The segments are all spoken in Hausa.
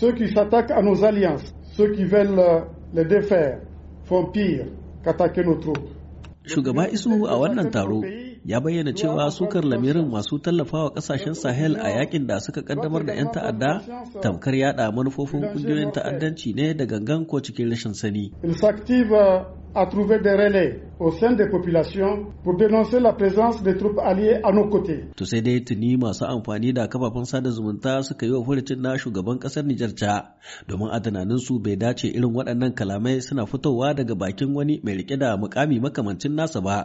Ceux qui s'attaquent à nos alliances, ceux qui veulent euh, les défaire, font pire qu'attaquer nos troupes. Shugaba isuhu a wannan taro ya bayyana cewa sukar lamirin masu tallafawa kasashen Sahel a yakin da suka kaddamar da 'yan ta'adda tamkar yada manufofin kungiyoyin ta'addanci ne da gangan ko cikin rashin sani. Il s'active euh, a trouver des relais au sein des populations pour dénoncer la présence des troupes alliées à nos côtés. To sai dai tuni masu amfani da kafafen sada zumunta suka yi wa furucin na shugaban kasar Nijar ca domin a tunanin su bai dace irin waɗannan kalamai suna fitowa daga bakin wani mai rike da mukami makamancin nasa ba.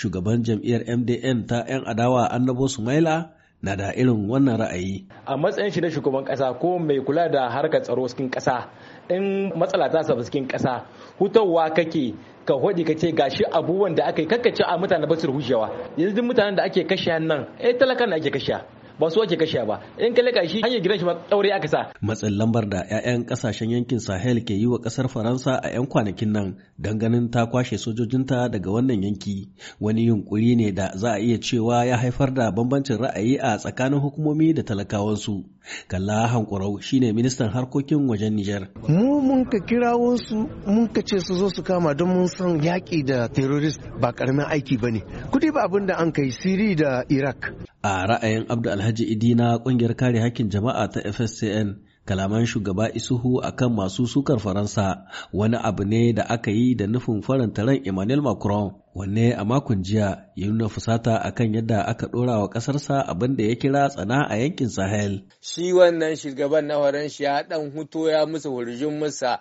Shugaban jam'iyyar MDN ta 'yan adawa Annabo Sumaila na da irin wannan ra'ayi. A matsayin shi na shugaban kasa ko mai kula da harkar tsaro cikin kasa in matsala ta sabu cikin kasa hutawa kake ka hodi ka ce ga shi abubuwan da aka yi kakkace a mutane basu su yanzu mutanen da ake kashe nan eh talakan da ake kashe ba su wake kashe ba in ka lika shi hanyar gidan shi ma daure aka sa matsin lambar da 'ya'yan kasashen yankin Sahel ke yi wa kasar Faransa a 'yan kwanakin nan dan ganin ta kwashe sojojinta daga wannan yanki wani yunkuri ne da za a iya cewa ya haifar da bambancin ra'ayi a tsakanin hukumomi da talakawansu kalla hankurau shine ministan harkokin wajen Nijar. Mu mun ka kirawo su mun ka ce su zo su kama don mun san yaƙi da terrorist ba karamin aiki bane. Kudi ba abin da an kai Siri da Iraq. A ra'ayin Abdul Alhaji Idi na kungiyar kare hakkin jama'a ta FSCN kalaman shugaba Isuhu akan masu sukar Faransa wani abu ne da aka yi da nufin faranta ran Emmanuel Macron wanne a makon jiya ya nuna fusata akan yadda aka ɗora wa ƙasarsa abin da ya kira tsana a yankin Sahel. Shi wannan shugaban na Faransa ya ɗan huto ya musu hurjin musa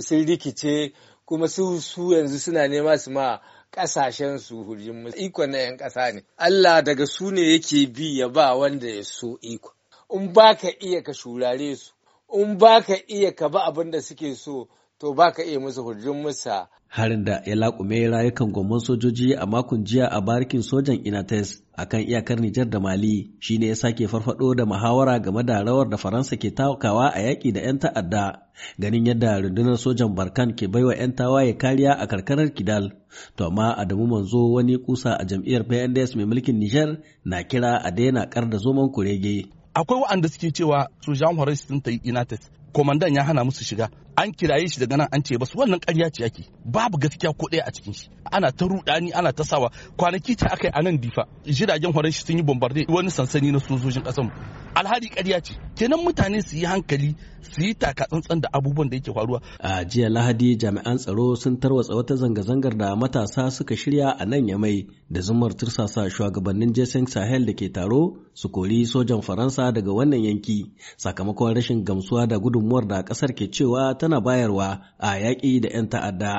sun rikice kuma su yanzu suna nema su ma ƙasashen su hurjin iko na 'yan ƙasa ne. Allah daga su ne yake bi ya ba wanda ya so iko. In baka iya ka shurare su, in ba iya ka ba abin da suke so, to baka ka iya musu hurjin musa. Harin da ya laƙume rayukan gwamman sojoji a makon jiya a barikin sojan Inates akan iyakar Nijar da Mali shi ne ya sake farfado da muhawara game da rawar da Faransa ke takawa a yaƙi da 'yan ta'adda ganin yadda rundunar sojan Barkan ke baiwa 'yan tawaye kariya a karkarar Kidal. To amma Adamu Manzo wani kusa a jam'iyyar PNDS mai mulkin Nijar na kira a daina kar da zoman kurege. akwai waɗanda suke cewa su Jean Horace sun ta yi United komandan ya hana musu shiga an kiraye shi daga nan an ce basu wannan ƙarya ce yake babu gaskiya ko ɗaya a cikin shi ana ta ruɗani ana ta sawa kwanaki ta akai a nan difa jiragen horon shi sun yi bombarde wani sansani na sojojin ƙasar alhali ƙarya ce kenan mutane su yi hankali su yi taka tsantsan da abubuwan da yake faruwa a jiya lahadi jami'an tsaro sun tarwatsa wata zanga-zangar da matasa suka shirya a nan ya mai da zumar tursasa shugabannin jason sahel da ke taro su kori sojan faransa daga wannan yanki sakamakon rashin gamsuwa da gudunmuwar da ƙasar ke cewa tana bayarwa a yaƙi da 'yan ta'adda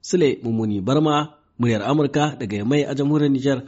sule mummuni barma muryar amurka daga mai a jamhuriyar nijar